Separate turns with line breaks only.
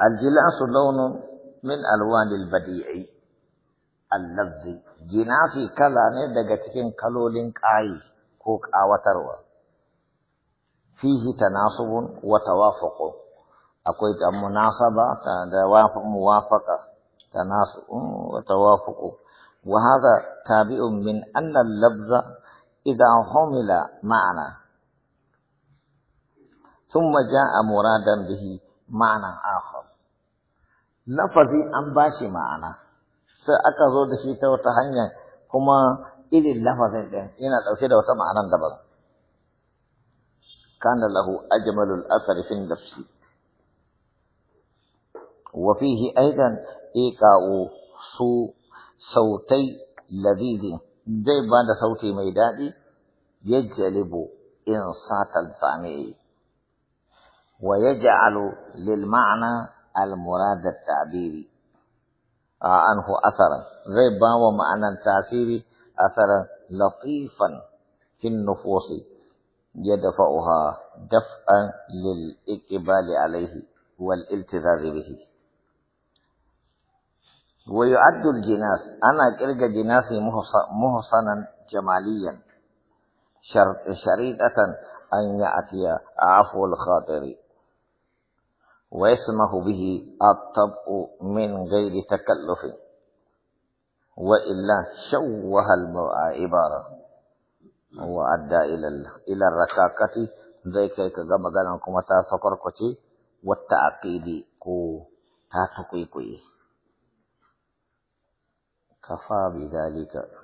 الجلاس لون من ألوان البديع اللذي جناسي كلا ندق تكين كلولين كاي كوك آواتروا فيه تناسب وتوافق اكويت مناسبة توافق موافقة تناسب وتوافق وهذا تابع من أن اللفظ إذا حمل معنى ثم جاء مرادا به معنى آخر lafazi an ba shi ma'ana sai aka zo da shi ta wata hanya kuma irin lafazin din yana dauke da wata ma'anan daban kana lahu ajmalul athar fi nafsi wa fihi aidan iqa'u su sautai ladidi dai ba da sauti mai dadi yajjalibu in satal sami'i wa yaj'alu lil ma'ana المراد التعبيري آه، عنه أثرا زي باو معنى تأثيري أثرا لطيفا في النفوس يدفعها دفعا للإقبال عليه والالتذاذ به ويعد الجناس أنا كرق جناسي محصنا جماليا شريطة أن يأتي عفو الخاطر ويسمح به الطبع من غير تكلف وإلا شوه المرأة عبارة وأدى إلى إلى الركاكة زي كي كما قال لكم تاسفر كوتي والتعقيد كو تاتقي كوي كفى بذلك